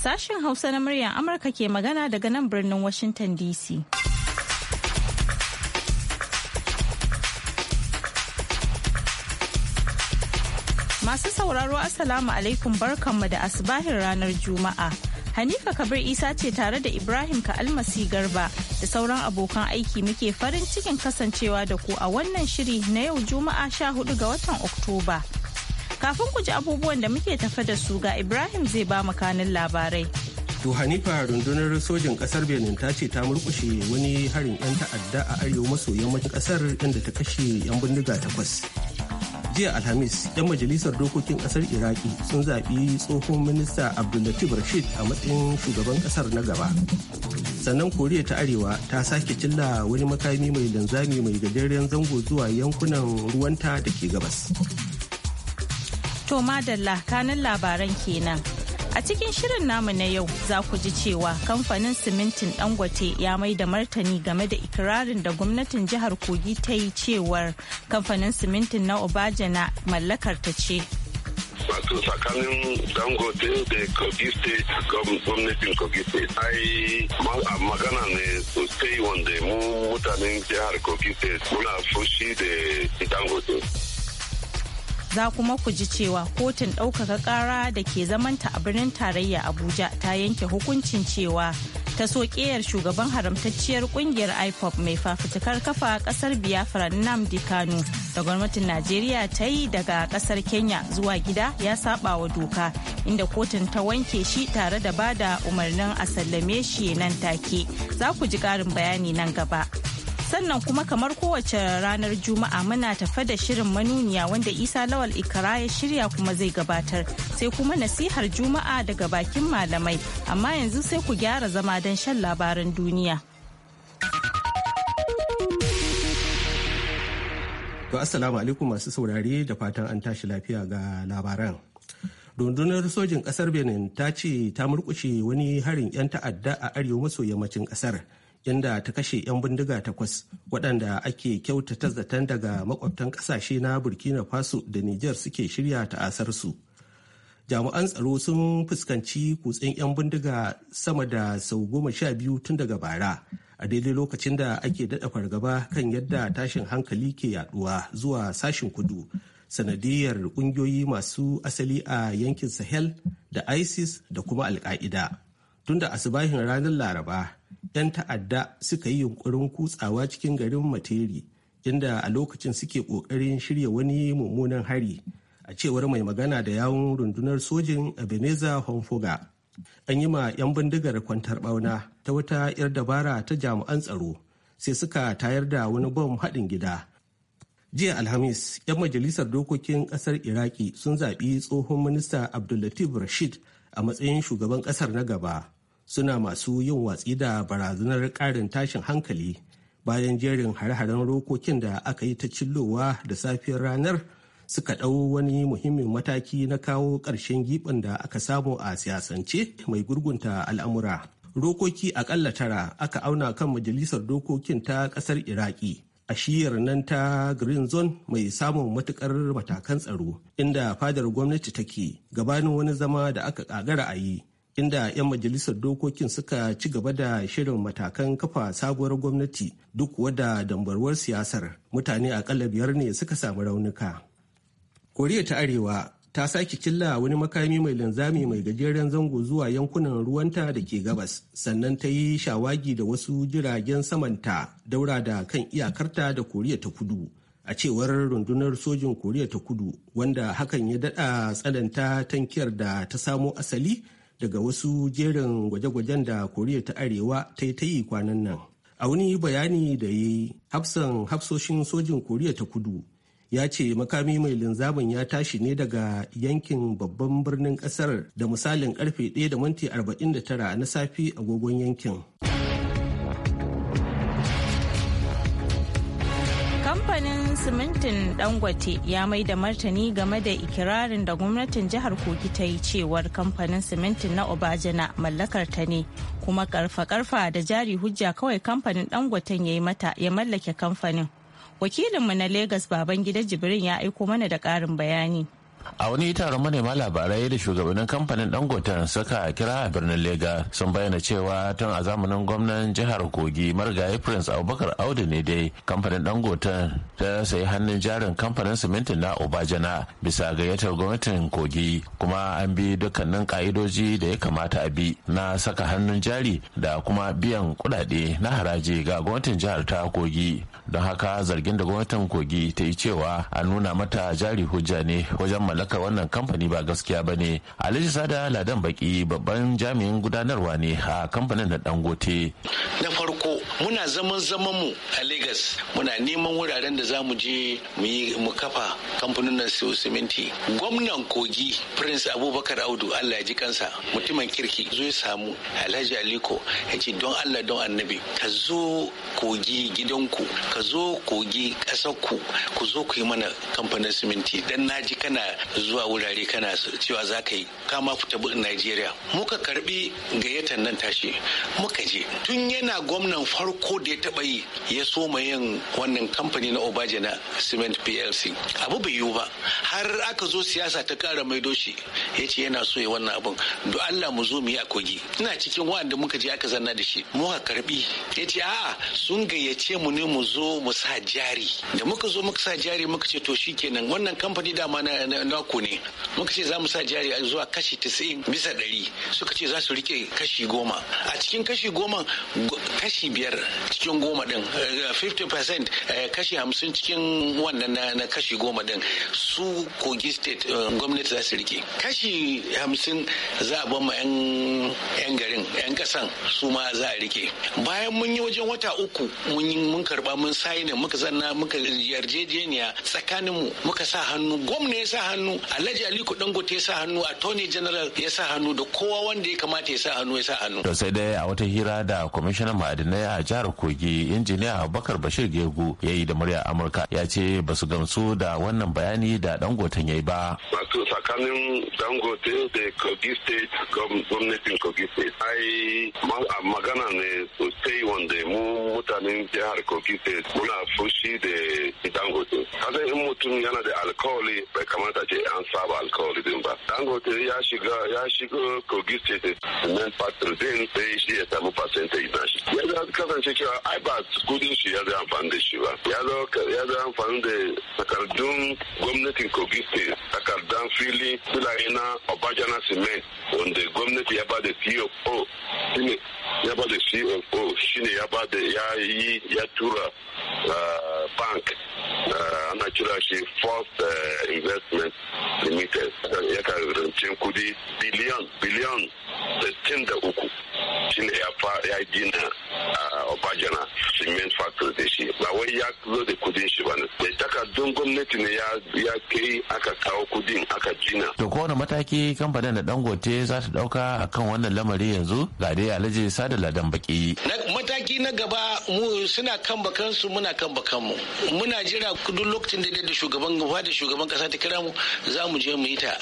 Sashen Hausa na muryar Amurka ke magana daga nan birnin Washington DC. Masu sauraro Assalamu alaikum barkanmu da asbahin ranar Juma'a. Hanifa Kabir Isa ce tare da Ibrahim Ka'almasi Garba da sauran abokan aiki muke farin cikin kasancewa da ku a wannan shiri na yau Juma'a 14 ga watan Oktoba. Kafin ku ji abubuwan da muke tafa da su ga Ibrahim zai ba mu kanin labarai. To Hanifa rundunar sojin kasar Benin ta ce ta murkushe wani harin 'yan ta'adda a arewa maso yammacin kasar inda ta kashe 'yan bindiga takwas. Jiya Alhamis, 'yan majalisar dokokin kasar Iraki sun zaɓi tsohon minista Abdullatif Rashid a matsayin shugaban kasar na gaba. sannan koriya ta arewa ta sake cilla wani makami mai linzami mai gajeren zango zuwa yankunan ruwanta da ke gabas To madalla kanin labaran kenan. A cikin shirin namu na yau za ku ji cewa kamfanin simintin Dangote ya mai da martani game da ikirarin da gwamnatin jihar Kogi ta yi cewar kamfanin simintin na Obajana mallakar ta ce. wato tsakanin dangote da kogi state gwamnatin kogi state ai magana ne sosai wanda mu mutanen jihar kogi state muna fushi da dangote za kuma ku ji cewa kotun ɗaukaka ƙara da ke zamanta a birnin tarayya abuja ta yanke hukuncin cewa ta soƙiyar shugaban haramtacciyar ƙungiyar ipop mai fafutukar kafa ƙasar biafra nnamdi kanu da gwamnatin najeriya ta yi daga ƙasar kenya zuwa gida ya saba wa doka inda kotun ta wanke shi tare da bada umarnin a sallame shi nan take za ku ji ƙarin bayani nan gaba sannan kuma kamar kowace ranar juma'a muna tafa da shirin manuniya wanda isa lawal ikara ya shirya kuma zai gabatar sai kuma nasihar juma'a daga bakin malamai amma yanzu sai ku gyara zama don shan labaran duniya to assalamu alaikum masu saurare da fatan an tashi lafiya ga labaran rundunar sojin kasar benin ta ce ta murkushe wani harin 'yan ta'adda a arewa maso yammacin kasar inda ta kashe 'yan bindiga takwas waɗanda ake kyautata zaton daga makwabtan ƙasashe na burkina faso da niger suke shirya su jami'an tsaro sun fuskanci kutsen 'yan bindiga sama da sau goma sha biyu tun daga bara a daidai lokacin da ake daɗa fargaba kan yadda tashin hankali ke yaɗuwa zuwa sashin kudu sanadiyar ƙungiyoyi masu asali a yankin sahel da isis da kuma alka'ida tun da asibahin ranar laraba 'yan ta'adda suka yi yunkurin kutsawa cikin garin materi inda a lokacin suke ƙoƙarin shirya wani mummunan hari a cewar mai magana da yawun rundunar sojin ebenezer honfoga an yi ma 'yan bindigar kwantar bauna ta wata 'yar dabara ta jami'an tsaro sai suka tayar da wani bom haɗin gida jiya alhamis 'yan majalisar dokokin ƙasar iraki sun zaɓi tsohon minista abdullatif rashid a matsayin shugaban ƙasar na gaba suna masu yin watsi da barazanar ƙarin tashin hankali bayan jerin hare-haren rokokin da aka yi ta cillowa da safiyar ranar suka ɗau wani muhimmin mataki na kawo ƙarshen giɓin da aka samu a siyasance mai gurgunta al'amura. Rokoki ƙalla tara aka auna kan majalisar dokokin ta ƙasar Iraki. a shiyar nan ta green zone mai samun matukar matakan tsaro inda fadar gwamnati take gabanin wani zama da aka kagara a yi inda 'yan majalisar dokokin suka ci gaba da shirin matakan kafa sabuwar gwamnati duk wada dambarwar siyasar mutane akalla biyar ne suka samu raunuka koriya ta arewa ta sake killa wani makami mai linzami mai gajeren zango zuwa yankunan ruwanta da ke gabas sannan ta yi shawagi da wasu jiragen samanta daura da kan iyakarta da koriya ta kudu a cewar rundunar sojin koriya ta kudu wanda hakan ya daɗa tsananta tankiyar da ta samo asali daga wasu jerin gwaje-gwajen da koriya ta arewa ta yi ta yi kwanan nan a wani bayani da ya yi hafsan hafsoshin sojin koriya ta kudu ya ce makami mai linzamin ya tashi ne daga yankin babban birnin kasar da misalin karfe 1 da minti 49 na safi agogon yankin. kamfanin simintin dangote ya mai da martani game da ikirarin da gwamnatin jihar kogi ta yi cewar kamfanin simintin na obajana mallakar ta ne kuma karfa-karfa da jari hujja kawai kamfanin dangoten ya yi mata ya mallake kamfanin wakilinmu na lagos baban gida jibrin ya aiko mana da karin bayani a wani taron manema labarai da shugabannin kamfanin dangoten suka kira a birnin lega sun bayyana cewa tun a zamanin gwamnan jihar kogi marigayi prince abubakar audu ne dai kamfanin dangoten ta sayi hannun jarin kamfanin simintin na obajana bisa gayyatar gwamnatin kogi kuma an bi dukkanin ka'idoji da ya kamata a bi na saka hannun jari da kuma biyan kudade na haraji ga gwamnatin jihar ta kogi don haka zargin da gwamnatin kogi ta yi cewa a nuna mata jari hujja ne wajen mallaka wannan kamfani ba gaskiya ba ne alhaji sada ladan baki babban jami'in gudanarwa ne a kamfanin na dangote na farko muna zaman zaman mu a lagos muna neman wuraren da za mu je mu kafa kamfanin nan su siminti gwamnan kogi prince abubakar audu allah ya ji kansa mutumin kirki zo ya samu alhaji aliko ya ce don allah don annabi ka zo kogi gidanku ka zo kogi ƙasar ku ku zo ku yi mana kamfanin siminti dan naji kana zuwa wurare kana cewa za ka yi kama fita buɗin najeriya muka karbi gayyatar nan tashi muka je tun yana gwamnan farko da ya taɓa yi ya so soma yin wannan kamfani na obaje na cement plc abu bai yiwu ba har aka zo siyasa ta ƙara mai doshi. ya ce yana so ya wannan abun do allah mu zo mu yi a kogi ina cikin wa'anda muka je aka zanna da shi muka karbi ya ce a'a sun gayyace mu ne mu zo zo mu sa jari da muka zo muka sa jari muka ce to kenan wannan kamfani dama na naku ne muka ce za mu sa jari zuwa kashi 90 bisa 100 suka ce za su rike kashi goma a cikin kashi goma kashi biyar cikin goma din 50% eh, eh, kashi hamsin cikin wannan na kashi goma din su kogi state eh, gwamnati za su rike kashi hamsin za a bama 'yan garin 'yan kasan su ma za a rike bayan mun yi wajen wata uku mun karba mun mun sayi muka zanna muka yarjejeniya tsakanin mu muka sa hannu gwamna ya sa hannu alhaji aliko dangote ya sa hannu attorney general ya sa hannu da kowa wanda ya kamata ya sa hannu ya sa hannu to sai dai a wata hira da kwamishinan ma'adinai a jihar kogi injiniya abubakar bashir gegu ya yi da murya amurka ya ce ba su gamsu da wannan bayani da dangoten ya yi ba wato tsakanin dangote da kogi state gwamnatin kogi state ai magana ne sosai wanda mu mutanen jihar kogi state muna fushi da dangote kasan in mutum yana da alkawali bai kamata ce an saba alkawali din ba dangote ya shiga ya shiga kogi state nan factor din sai shi ya samu percentage na shi ya za kasance cewa ai ba kudin shi ya zai amfani da shi ba ya zai amfani da takardun gwamnatin kogi state takardan fili filaye na obajana cement wanda gwamnati ya ba da cfo shine ya ba da cfo shine ya ba da ya yi ya tura Uh, bank uh, ana kira shi first uh, investment limited ya karancin kudi biliyan biliyan 63 shi ne ya gina obajana cement factory da shi ba wai ya zo da kudin shi ba ne takardun gwamnati ne ya kai aka kawo kudin aka gina to kowane mataki kamfanin da dangote za ta dauka kan wannan lamari yanzu ga dai alhaji sada ladan baki mataki na gaba mu suna kan bakan su muna kan bakanmu muna jira duk lokacin da da shugaban gaba da shugaban kasa ta kira mu za mu je mu yi ta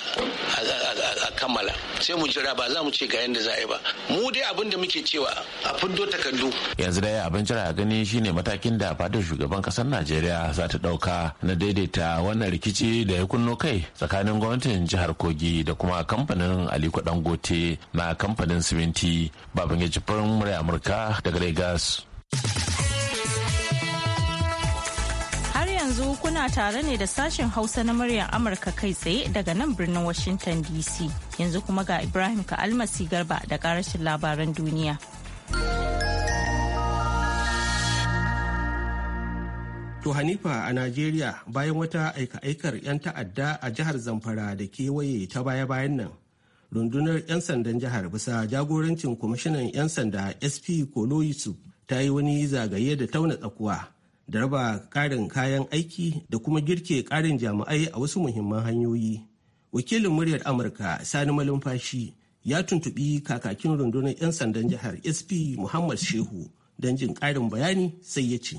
a kammala sai mu jira ba za mu ce ga yadda za a yi ba mu dai abin da muke cewa a fundo takardu yanzu dai abin jira a gani shine matakin da fadar shugaban kasar najeriya za ta dauka na daidaita wannan rikici da ya kunno kai tsakanin gwamnatin jihar kogi da kuma kamfanin aliko dangote na kamfanin siminti babin ya jifin murai amurka daga lagos yanzu kuna tare ne da sashen Hausa na muryar Amurka kai tsaye daga nan birnin Washington DC. Yanzu kuma ga Ibrahim Ka'almasi Garba da karashin labaran duniya. To Hanifa a Najeriya bayan wata aika-aikar 'yan ta'adda a jihar Zamfara da kewaye ta baya-bayan nan. Rundunar 'yan sandan jihar bisa jagorancin kwamishinan 'yan sanda SP Kolo Yusuf ta yi wani zagaye da tauna tsakuwa. da raba ƙarin kayan aiki da kuma girke karin jami'ai a wasu muhimman hanyoyi. Wakilin muryar Amurka Sani Malumfashi ya tuntuɓi kakakin rundunar 'yan sandan jihar SP Muhammad Shehu don jin ƙarin bayani sai ya ce.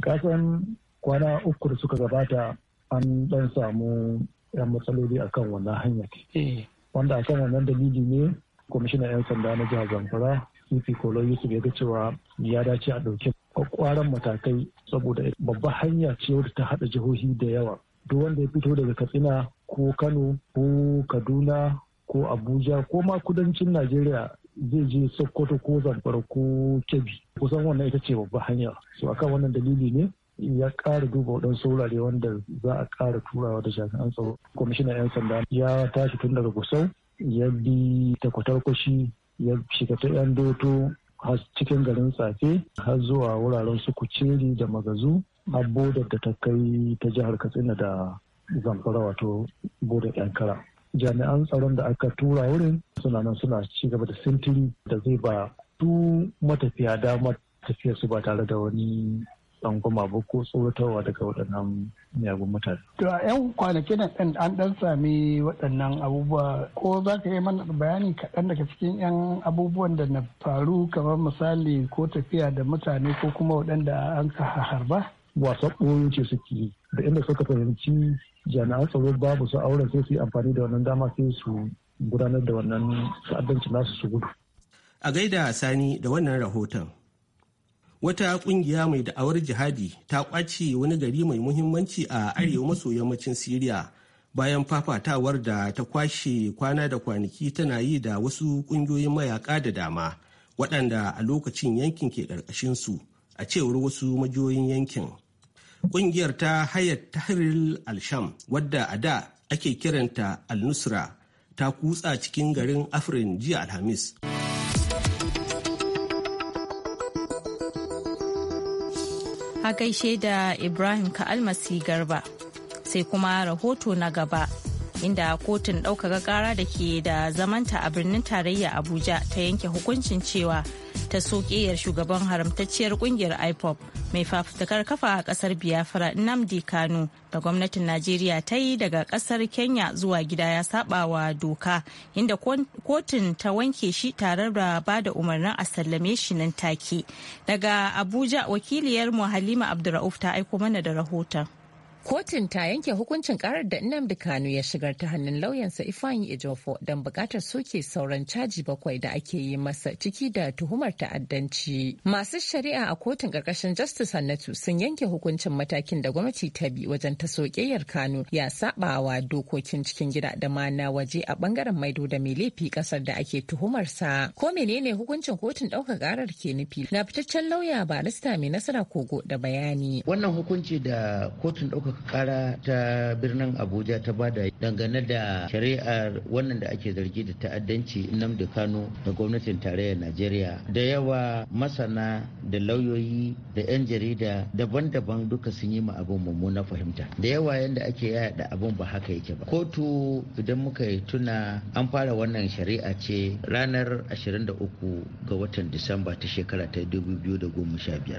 Kasan kwana uku da suka gabata an ɗan samu 'yan matsaloli a kan wannan hanyar. Eh. Wanda kan wannan dalili ne kwamishinan 'yan sanda na jihar Zamfara, Sifi e Kolo Yusuf ya ga cewa ya dace a ɗauki kwakwaran matakai saboda babba hanya ce wadda ta haɗa jihohi da yawa duk wanda ya fito daga katsina ko kano ko kaduna ko abuja ko ma kudancin najeriya zai je sokoto ko zamfara ko kebbi kusan wannan ita ce babba hanya su akan wannan dalili ne ya ƙara duba waɗansu saurare wanda za a ƙara turawa da jami'an tsaro kwamishinan 'yan sanda ya tashi tun daga gusau ya bi takwatarkwashi ya shiga ta 'yan doto har cikin garin tsafe har zuwa wuraren su kuceri da magazu har bodar da ta kai ta jihar katsina da zamfara wato bodar yankara jami'an tsaron da aka tura wurin suna nan suna ci gaba da sintiri da zai ba su matafiya damar tafiya su ba tare da wani goma ba ko tsoratarwa daga waɗannan miyagun mutane. To a 'yan kwanakin na ɗan an ɗan sami waɗannan abubuwa ko za ka yi mana bayani kaɗan daga cikin 'yan abubuwan da na faru kamar misali ko tafiya da mutane ko kuma waɗanda an ka harba? Wasan ɓoyo ce suke da inda suka fahimci jami'an tsaro babu su auren sai su yi amfani da wannan dama sai su gudanar da wannan ta'addanci nasu su gudu. A gaida Sani da wannan rahoton. wata kungiya mai da'awar jihadi ta kwace wani gari mai muhimmanci a arewa maso yammacin siriya bayan fafatawar da ta kwashe kwana da kwanaki tana yi da wasu kungiyoyin mayaka da dama waɗanda a lokacin yankin ke ƙarƙashin su a cewar wasu majiyoyin yankin ƙungiyar ta hayat tahrir al-sham wadda a da ake kiranta al-nusra ta kutsa cikin garin Afrin jiya alhamis a gaishe da Ibrahim almasi Garba. Sai kuma rahoto na gaba. inda kotun ɗaukaka ƙara da ke da zamanta a birnin tarayya abuja ta yanke hukuncin cewa ta sokiyar shugaban haramtacciyar ƙungiyar ipop mai fafutukar kafa a ƙasar biafra namdi kano da gwamnatin najeriya ta yi daga ƙasar kenya zuwa gida ya saba wa doka inda kotun ta wanke shi tare da ba da umarnin a sallame shi nan take daga abuja wakiliyar mu halima abdurrauf ta aiko mana da rahoton Kotun ta yanke hukuncin karar da Nnamdi Kanu ya shigar ta hannun lauyansa Ifeanyi Ejofo don bukatar suke sauran caji bakwai da ake yi masa ciki da tuhumar ta'addanci. Masu shari'a a kotun karkashin Justice Hannatu sun yanke hukuncin matakin da gwamnati ta bi wajen ta soƙeyar Kanu ya sabawa dokokin cikin gida da ma na waje a bangaren maido da mai laifi kasar da ake tuhumar sa. Ko menene hukuncin kotun ɗaukar karar ke nufi? Na fitaccen lauya barista mai nasara kogo da bayani. Wannan hukunci da kotun ɗaukar kara ta birnin abuja ta bada dangane da shari'ar wannan da ake zargi da ta'addanci nnamdi kano da gwamnatin tarayyar najeriya da yawa masana da lauyoyi da 'yan jarida daban-daban duka sun yi ma abin mummuna fahimta da yawa yadda ake yada abin ba haka yake ba kotu idan muka yi tuna an fara wannan shari'a ce ranar 23 ga watan disamba ta shekara ta 2015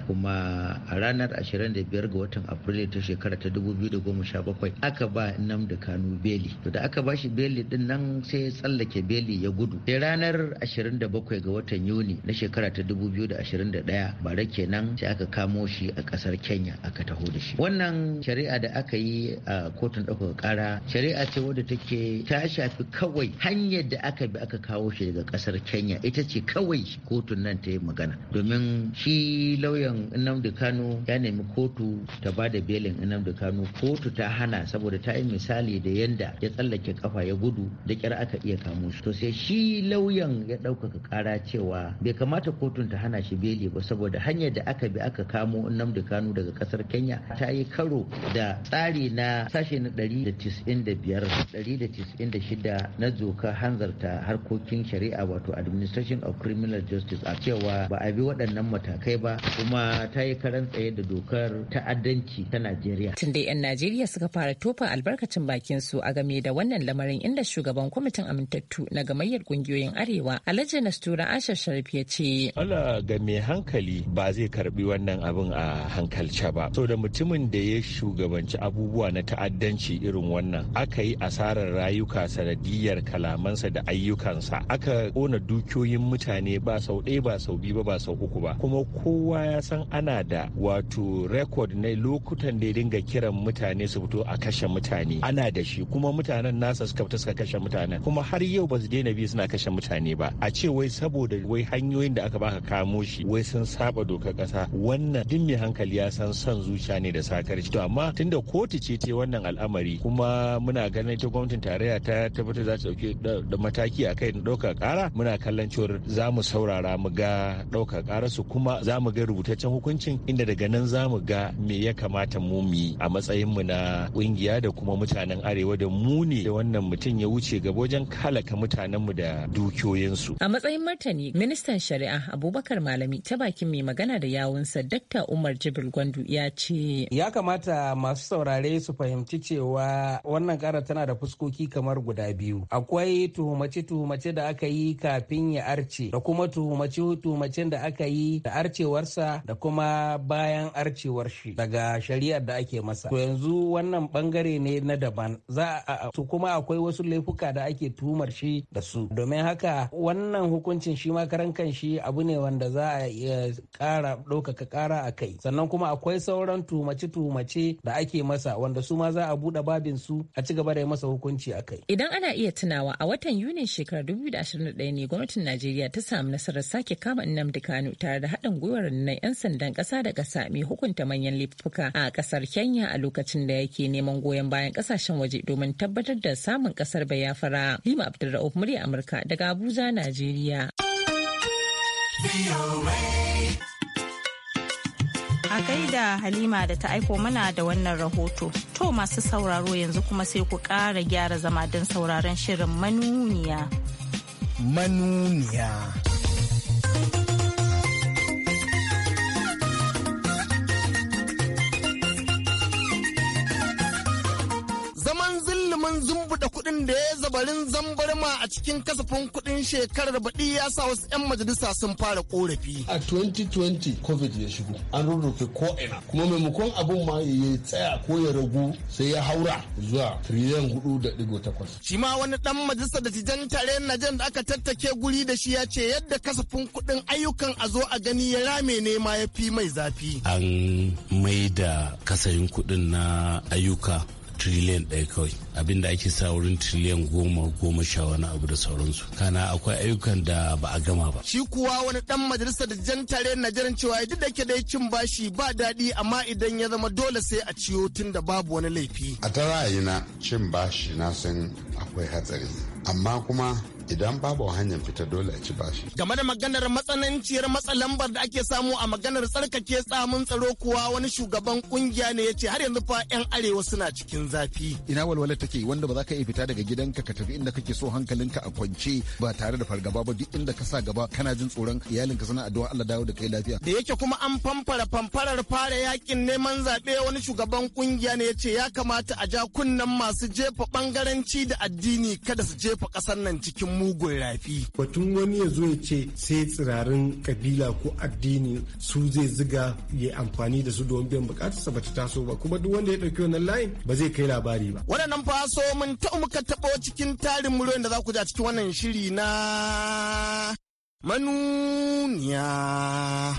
kuma a ranar 25 ga watan afrilu ta shekara ta 2017 aka ba nam da Kanu beli to da aka bashi beli din nan sai tsallake beli ya gudu sai ranar 27 ga watan Yuni na shekara ta 2021 bare kenan sai aka kamo shi a kasar Kenya aka taho da shi wannan shari'a da aka yi a kotun ɗaukaka kara shari'a ce wadda take ta shafi kawai hanyar da aka bi aka kawo shi daga kasar Kenya ita ce kawai kotun nan ta yi magana domin shi lauyan nam da Kanu ya nemi kotu ta ba da belin da Kanu kotu ta hana saboda ta yi misali da yanda ya tsallake kafa ya gudu da kyar aka iya kamo shi to sai shi lauyan ya ɗaukaka kara cewa bai kamata kotun ta hana shi beli ba saboda hanyar da aka bi aka kamo Nnamdi Kanu daga ƙasar Kenya ta yi karo da tsari na sashe na ɗari ɗari da da da biyar da shida na doka hanzarta harkokin shari'a wato Administration of Criminal Justice a cewa ba a bi waɗannan matakai ba kuma ta yi karan tsaye da dokar ta'addanci ta Najeriya. tunda 'yan Najeriya suka fara tofa albarkacin bakin su a game da wannan lamarin inda shugaban kwamitin amintattu na gamayyar kungiyoyin Arewa Alhaji Nastura Ashar Sharif ya ce. Ala ga mai hankali ba zai karbi wannan abin a hankalce ba. So da mutumin da ya shugabanci abubuwa na ta'addanci irin wannan aka yi asarar rayuka sanadiyar kalamansa da ayyukansa aka kona dukiyoyin mutane ba sau ɗaya ba sau biyu ba ba sau uku ba kuma kowa ya san ana da wato rekod na lokutan da ya dinga kiran kan mutane su fito a kashe mutane ana da shi kuma mutanen nasa suka fita suka kashe mutanen kuma har yau ba su daina bi suna kashe mutane ba a ce wai saboda wai hanyoyin da aka baka kamo shi wai sun saba dokar kasa wannan duk mai hankali ya san son zuciya ne da sakar to amma tunda kotu ce ce wannan al'amari kuma muna ganin ta gwamnatin tarayya ta tabbatar za ta dauki da mataki a kai ɗaukar ƙara muna kallon cewar za mu saurara mu ga ɗaukar ƙara su kuma za mu ga rubutaccen hukuncin inda daga nan za mu ga me ya kamata mu mu matsayinmu na kungiya da kuma mutanen arewa da mu ne da wannan mutum ya wuce gaba wajen halaka mutanenmu da dukiyoyinsu. A matsayin martani ministan shari'a Abubakar Malami ta bakin mai magana da yawunsa Dakta Umar Jibril Gwandu ya ce. Ya kamata masu saurare su fahimci cewa wannan kara tana da fuskoki kamar guda biyu. Akwai tuhumace-tuhumace da aka yi kafin ya arce da kuma tuhumace-tuhumacen da aka yi da arcewarsa da kuma bayan arcewar shi daga shari'ar da ake masa. kansa to yanzu wannan bangare ne na daban za a su kuma akwai wasu laifuka da ake tuhumar shi da su domin haka wannan hukuncin shi ma karan shi abu ne wanda za a iya kara ɗaukaka kara a kai sannan kuma akwai sauran tumace-tumace da ake masa wanda su ma za a buɗe babin su a ci gaba da masa hukunci a kai idan ana iya tunawa a watan yunin shekarar 2021 ne gwamnatin najeriya ta samu nasarar sake kama Nnamdi Kanu tare da haɗin gwiwar na 'yan sandan ƙasa da ƙasa mai hukunta manyan laifuka a ƙasar Kenya a lokacin da yake neman goyon bayan kasashen waje domin tabbatar da samun kasar bai fara. lima abdulra'uf murya amurka daga abuja najeriya a gaida halima da ta aiko mana da wannan rahoto to masu sauraro yanzu kuma sai ku ƙara gyara zama don sauraron shirin manuniya manuniya zaman zumbu da kuɗin da ya zabarin zambarma a cikin kasafin kuɗin shekarar baɗi ya sa wasu 'yan majalisa sun fara korafi. A 2020 COVID ya shigo an rurrufe ko ina kuma maimakon abin ma ya tsaya ko ya ragu sai ya haura zuwa triliyan hudu da ɗigo takwas. Shi ma wani ɗan majalisa da tijan tare na jan da aka tattake guri da shi ya ce yadda kasafin kuɗin ayyukan a zo a gani ya rame ne ma ya fi mai zafi. An mai da kasafin kuɗin na ayyuka trillion ɗaya kawai abin da ake sa wurin trillion goma goma sha wani abu da sauransu kana akwai ayyukan da ba a gama ba shi kuwa wani dan majalisar da jan tare na jiran cewa duk da ke da cin bashi ba daɗi amma idan ya zama dole sai a ciyo tun da babu wani laifi a ta ra'ayina cin bashi na san akwai hatsari amma kuma idan babu hanyar fita dole a ci bashi. Game da maganar matsananciyar matsa lambar da ake samu a maganar tsarkake tsamin tsaro kuwa wani shugaban kungiya ne ya ce har yanzu fa 'yan arewa suna cikin zafi. Ina walwalar take wanda ba za ka iya fita daga gidanka ka tafi inda kake so hankalinka a kwance ba tare da fargaba ba duk inda ka sa gaba kana jin tsoron iyalinka suna addu'a Allah dawo da kai lafiya. Da yake kuma an famfara famfarar fara yakin neman zaɓe wani shugaban kungiya ne ya ce ya kamata a ja kunnen masu jefa bangaranci da addini kada su jefa ƙasar nan cikin mugun rafi. Batun wani ya zo ya ce sai tsirarin kabila ko addini su zai ziga ya amfani da su don biyan bukatarsa ba ta taso ba kuma duk wanda ya ɗauki wannan layin ba zai kai labari ba. Waɗannan faso mun ta muka taɓo cikin tarin muryoyin da za ku ji a cikin wannan shiri na manuniya.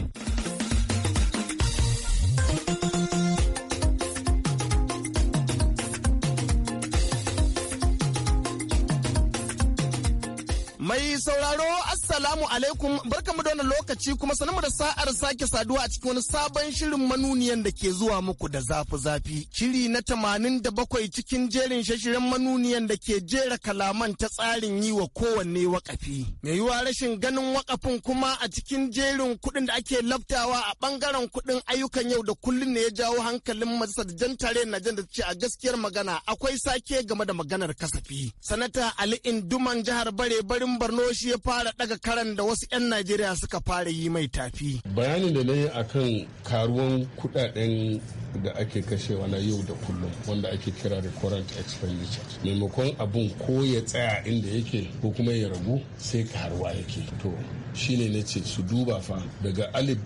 Mai sauraro Assalamu alaikum barkamu da wannan lokaci kuma mu da sa'ar sake saduwa a cikin wani sabon shirin manuniyan da ke zuwa muku da zafi-zafi. Shiri na tamanin da bakwai cikin jerin shashiren manuniyan da ke jera kalaman ta tsarin yi wa kowanne wakafi. Mai yiwa rashin ganin wakafin kuma a cikin jerin kuɗin da ake laftawa a bangaren kuɗin ayyukan yau da kullum ne ya jawo hankalin majalisar jan tare na jan da ce a gaskiyar magana akwai sake game da maganar kasafi. Sanata Ali Induman jihar Bare barin Borno shi ya fara daga karan da wasu 'yan Najeriya suka fara yi mai tafi. Bayanin da na yi kan karuwan kudaden da ake kashewa na yau da kullum wanda ake kira da current expenditure maimakon abun ko ya tsaya inda yake ko kuma ya ragu sai karuwa yake to shine na ce su duba fa daga alif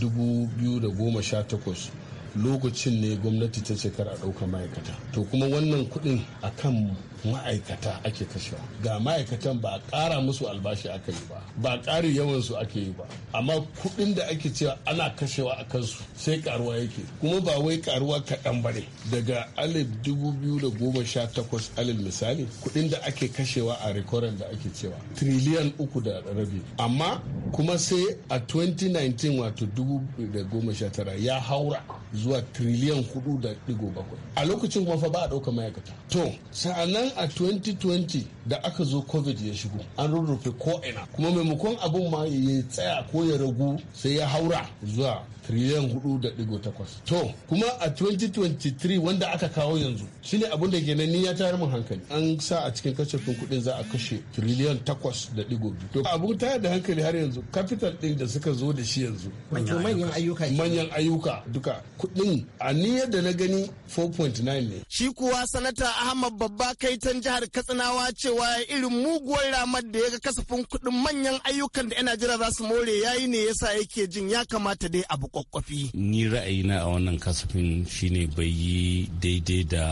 dubu biyu da goma sha takwas lokacin ne gwamnati ta ce a ɗauka ma'aikata to kuma wannan kuɗin a akan ma'aikata ake kashewa ga ma'aikatan ba a kara musu albashi aka yi ba ba ƙari yawan su ake yi ba amma kuɗin da ake cewa ana kashewa a kansu sai karuwa yake kuma ba wai karuwa kaɗan ba ne daga alif dubu biyu da goma sha takwas alif misali kuɗin da ake kashewa a rikoran da ake cewa triliyan uku da rabi amma kuma sai a 2019 wato dubu da goma sha tara ya haura zuwa triliyan hudu da digo bakwai a lokacin kuma fa ba a ɗauka ma'aikata to sa'annan can a 2020 da aka zo covid ya shigo an rurrufe ko'ina kuma maimakon abin ma ya tsaya ko ya ragu sai ya haura zuwa triliyan 4.8 da takwas to kuma a 2023 wanda aka kawo yanzu shine abin da kenan ni ya tayar mun hankali an sa a cikin kasafin kuɗin za a kashe triliyan takwas da to abun tayar da hankali har yanzu capital din da suka zo da shi yanzu manyan ayyuka manyan ayyuka duka kuɗin a niyyar da na gani 4.9 ne shi kuwa sanata ahmad babba kaitan jihar katsinawa cewa irin muguwar ramar da ya ga kasafin kuɗin manyan ayyukan da yana jira za su more yayi ne yasa yake jin ya kamata dai abu kwakwafi ni ra'ayina a wannan kasafin shine bai yi daidai da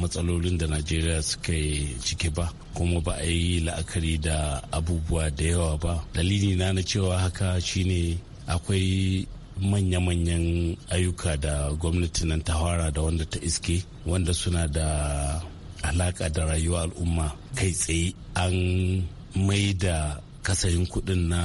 matsalolin da najeriya suka yi cike ba kuma ba a yi la'akari da abubuwa da yawa ba dalili na na cewa haka shine akwai manya-manyan ayyuka da gwamnati nan ta fara da wanda ta iske wanda suna da alaka da rayuwa al'umma kai tsaye an mai da kasayin kudin na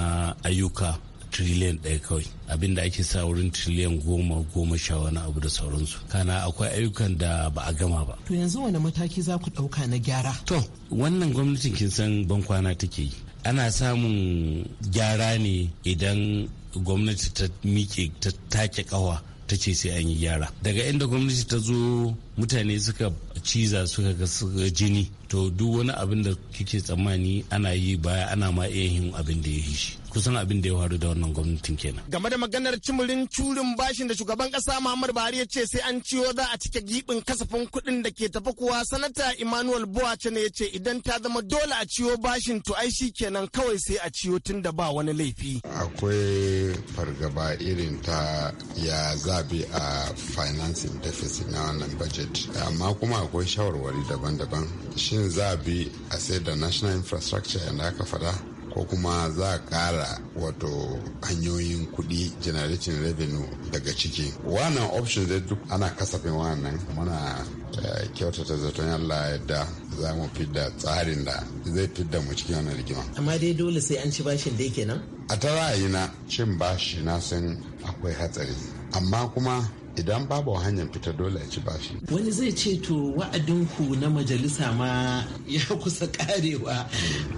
ayyuka triliyan ɗaya kawai abin da ake sa wurin triliyan goma goma sha wani abu da sauransu kana akwai ayyukan da ba a gama ba to yanzu wani mataki za ku ɗauka na gyara to wannan gwamnatin kin san bankwana take yi ana samun gyara ne idan gwamnati ta miƙe ta take kawa ta ce sai an yi gyara daga inda gwamnati ta zo mutane suka ciza suka ga jini to duk wani abin da kike tsammani ana yi baya ana ma iya yin abin da ya yi shi kusan abin da ya faru da wannan gwamnatin kenan game da maganar cimurin curin bashin da shugaban kasa muhammad buhari ya ce sai an ciwo za a cike gibin kasafin kuɗin da ke tafi kuwa sanata emmanuel buwace ne ya ce idan ta zama dole a ciwo bashin to ai shi kenan kawai sai a ciwo tun da ba wani laifi akwai fargaba irin ta ya zabi a financing deficit na wannan budget amma kuma akwai shawarwari daban-daban shin zabi a sai da national infrastructure yadda aka faɗa ko kuma za a kara wato hanyoyin kuɗi generating revenue daga ciki wannan option da duk ana kasafin wannan muna eh, kyautata zaton Allah yadda za mu fidda tsarin da zai fidda mu cikin wannan rigima amma dai dole sai an ci bashin yake kenan a ta ra'ayina cin bashi na san akwai hatsari amma kuma idan babu hanyar fita dole ya ci bashi. Wani zai ce to wa'adinku na majalisa ma ya kusa karewa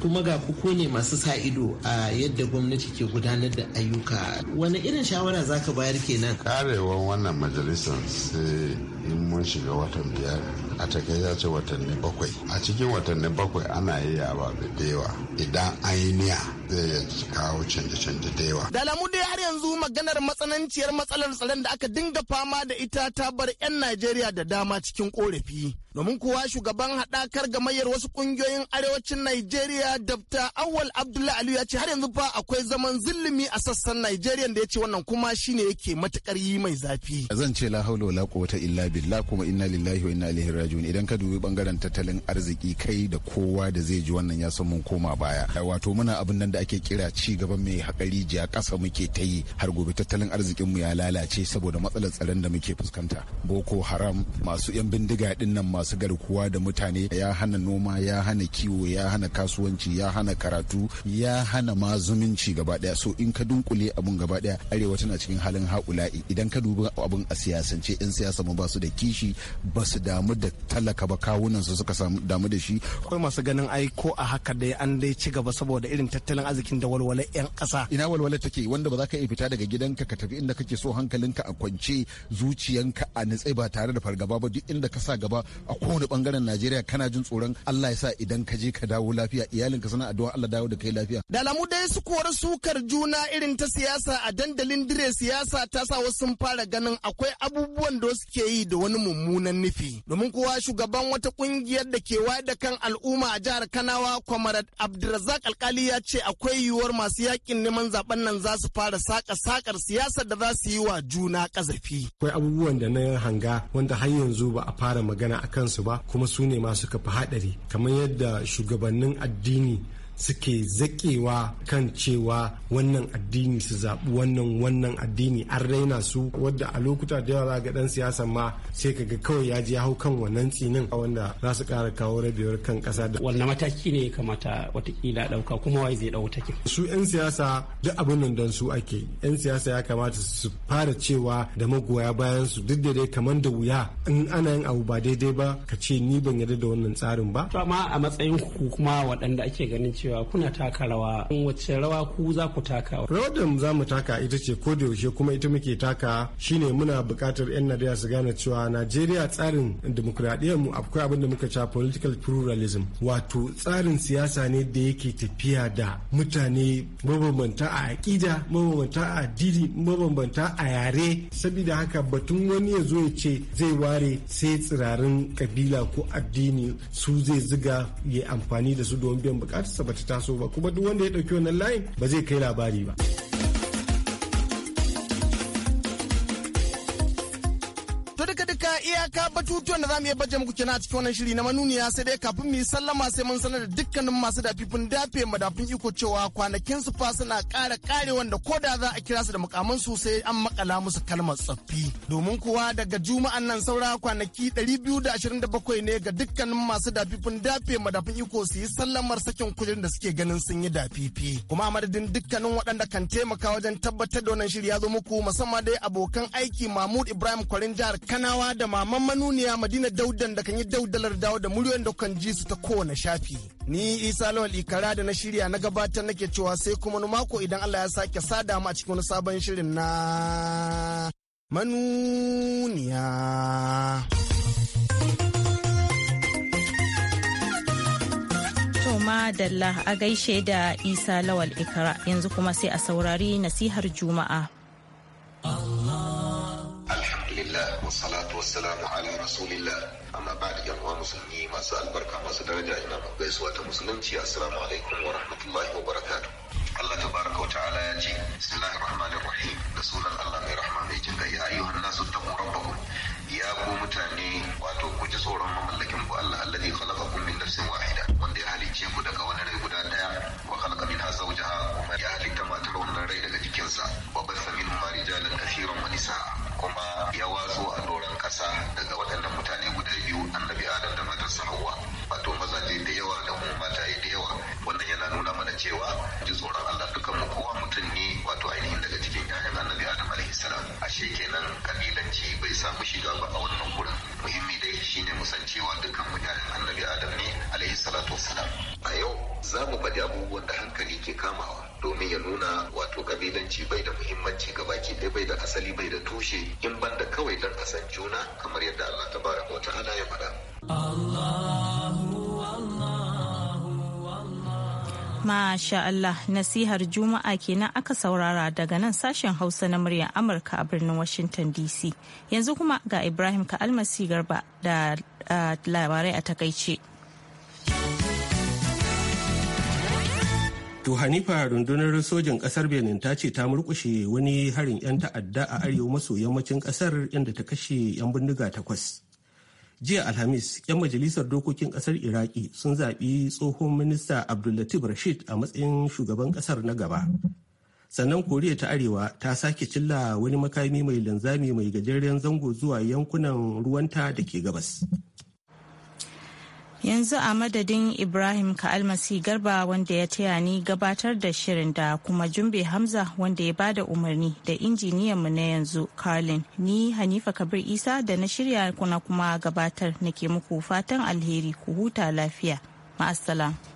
kuma ga ku ne masu sa ido a yadda gwamnati ke gudanar da ayyuka. Wani irin shawara za ka bayar kenan? Karewar wannan majalisa sai in mun shiga watan biyar a take ya ce watanni bakwai. A cikin watanni bakwai ana yi yawa da yawa idan an yi niyya zai kawo canje-canje da yawa. Da alamu dai har yanzu maganar matsananciyar matsalar tsaron da aka dinga fama da ita ta bar 'yan Najeriya da dama cikin korafi. Domin kuwa shugaban haɗakar gamayyar wasu ƙungiyoyin arewacin Najeriya Dr. Awal Abdullahi Aliyu ya ce har yanzu fa akwai zaman zulumi a sassan Najeriya da ya ce wannan kuma shine yake matukar yi mai zafi. Zan ce la haula wala quwwata illa billah kuma inna lillahi wa inna ilaihi raji'un idan ka dubi bangaren tattalin arziki kai da kowa da zai ji wannan ya san mun koma baya. Wato muna abin nan da ake kira ci gaba mai haƙari jiya kasa muke ta yi har gobe tattalin arzikinmu ya lalace saboda matsalar tsaron da muke fuskanta boko haram masu 'yan bindiga din nan masu garkuwa da mutane ya hana noma ya hana kiwo ya hana kasuwanci ya hana karatu ya hana ma zumunci gaba daya so in ka dunkule abun gaba daya arewa tana cikin halin haƙula'i idan ka dubi abun a siyasance 'yan siyasa mu ba su da kishi ba su damu da talaka ba kawunan su suka samu damu da shi akwai masu ganin ai ko a haka dai an dai ci gaba saboda irin tattalin tattalin arzikin da walwalar 'yan ƙasa. Ina walwalar take wanda ba za ka iya fita daga gidanka ka tafi inda kake so hankalinka a kwance zuciyanka a nitse ba tare da fargaba ba duk inda ka sa gaba a kowane bangaren Najeriya kana jin tsoron Allah ya sa idan ka je ka dawo lafiya iyalinka suna addu'a Allah dawo da kai lafiya. Da alamu dai su kuwar sukar juna irin ta siyasa a dandalin dire siyasa ta sa wasu sun fara ganin akwai abubuwan da suke yi da wani mummunan nufi. Domin kowa shugaban wata kungiyar da ke wayar da kan al'umma a jihar Kanawa Kwamarat Abdulrazak Alkali ya ce a akwai yiwuwar masu yakin neman zaben nan za su fara saka sakar siyasar da za su yi wa juna kazafi. Akwai abubuwan da na hanga wanda har yanzu ba a fara magana a kansu ba kuma su ne masu kafa haɗari kamar yadda shugabannin addini suke zakewa kan cewa wannan addini su zaɓi wannan wannan addini an raina su wadda a lokuta da yawa ga dan siyasa ma sai kaga kawai ya ji ya hau kan wannan tsinin a wanda za su ƙara kawo rabewar kan ƙasa da wannan mataki ne kamata watakila ɗauka kuma wai zai ɗau take su 'yan siyasa duk abin nan don su ake 'yan siyasa ya kamata su fara cewa da magoya bayan su duk da dai kamar da wuya in ana yin abu ba daidai ba ka ce ni ban yarda da wannan tsarin ba to amma a matsayin ku kuma waɗanda ake ganin cewa cewa kuna taka rawa wacce rawa ku za ku taka rawar da za mu taka ita ce ko da yaushe kuma ita muke taka shine muna buƙatar 'yan najeriya su gane cewa najeriya tsarin dimokuraɗiyyar mu akwai abin da muka cewa political pluralism wato tsarin siyasa ne da yake tafiya da mutane mabambanta a aƙida mabambanta a addini mabambanta a yare saboda haka batun wani ya zo ya ce zai ware sai tsirarin kabila ko addini su zai ziga ya amfani da su domin biyan bukatarsa ba ta taso ba kuma duk wanda ya ɗauki wannan layin ba zai kai labari ba. ka batutuwan da za mu iya baje muku kenan a cikin wannan shiri na manuniya sai dai kafin mu yi sallama sai mun sanar da dukkanin masu dafifin dafe madafin iko cewa kwanakin su fa suna ƙara ƙare wanda ko da za a kira su da mukamin su sai an makala musu kalmar tsaffi domin kuwa daga juma'an nan saura kwanaki 227 ne ga dukkanin masu dafifin dafe madafin iko su yi sallamar sakin kujerun da suke ganin sun yi dafifi kuma madadin dukkanin waɗanda kan taimaka wajen tabbatar da wannan shiri ya zo muku musamman dai abokan aiki Mahmud Ibrahim Kwarin jihar Kanawa da Maman babban manuniya madina daudan da kan yi daudalar dawo da muryoyin da kan ji su ta kowane shafi ni isa lawal ikara da na shirya na gabatar nake cewa sai kuma ni mako idan allah ya sake sada mu a cikin wani sabon shirin na manuniya Toma Dalla a gaishe da Isa Lawal Ikara yanzu kuma sai a saurari nasihar Juma'a. Allah. alhamdulillah wassalatu wassalamu ala rasulillah amma ba da yanwa musulmi masu albarka masu daraja ina mu gaisuwa ta musulunci assalamu alaikum wa rahmatullahi wa barakatuh Allah tabaraka wa ta'ala ya ce bismillahir rahmanir rahim da sunan Allah mai rahma mai jin ya ayyuhan nasu taqu rabbakum ya ku mutane wato ku ji tsoron mamallakin ku Allah alladhi khalaqakum min nafsin wahida wanda ya halicce ku daga wani rai insha Allah nasihar Juma'a kenan aka saurara daga nan sashen Hausa na muryar Amurka a birnin Washington DC. Yanzu kuma ga Ibrahim Ka'almasi Garba da labarai a takaice. To Hanifa rundunar sojin kasar Benin ta ce ta murkushe wani harin 'yan ta'adda a arewa maso yammacin kasar inda ta kashe 'yan bindiga takwas. jiya alhamis 'yan majalisar dokokin kasar iraki sun zaɓi tsohon minista abdullatif rashid a matsayin shugaban kasar na gaba sannan koriya ta arewa ta sake cilla wani makami mai linzami mai gajeren zango zuwa yankunan ruwanta da ke gabas yanzu a madadin ibrahim ka'almasi garba wanda ya taya ni gabatar da shirin da kuma jumbe hamza wanda ya bada umarni da injiniyanmu na yanzu carlin ni hanifa kabir isa da na shirya kuna kuma gabatar nake muku fatan alheri ku huta lafiya ma'asala.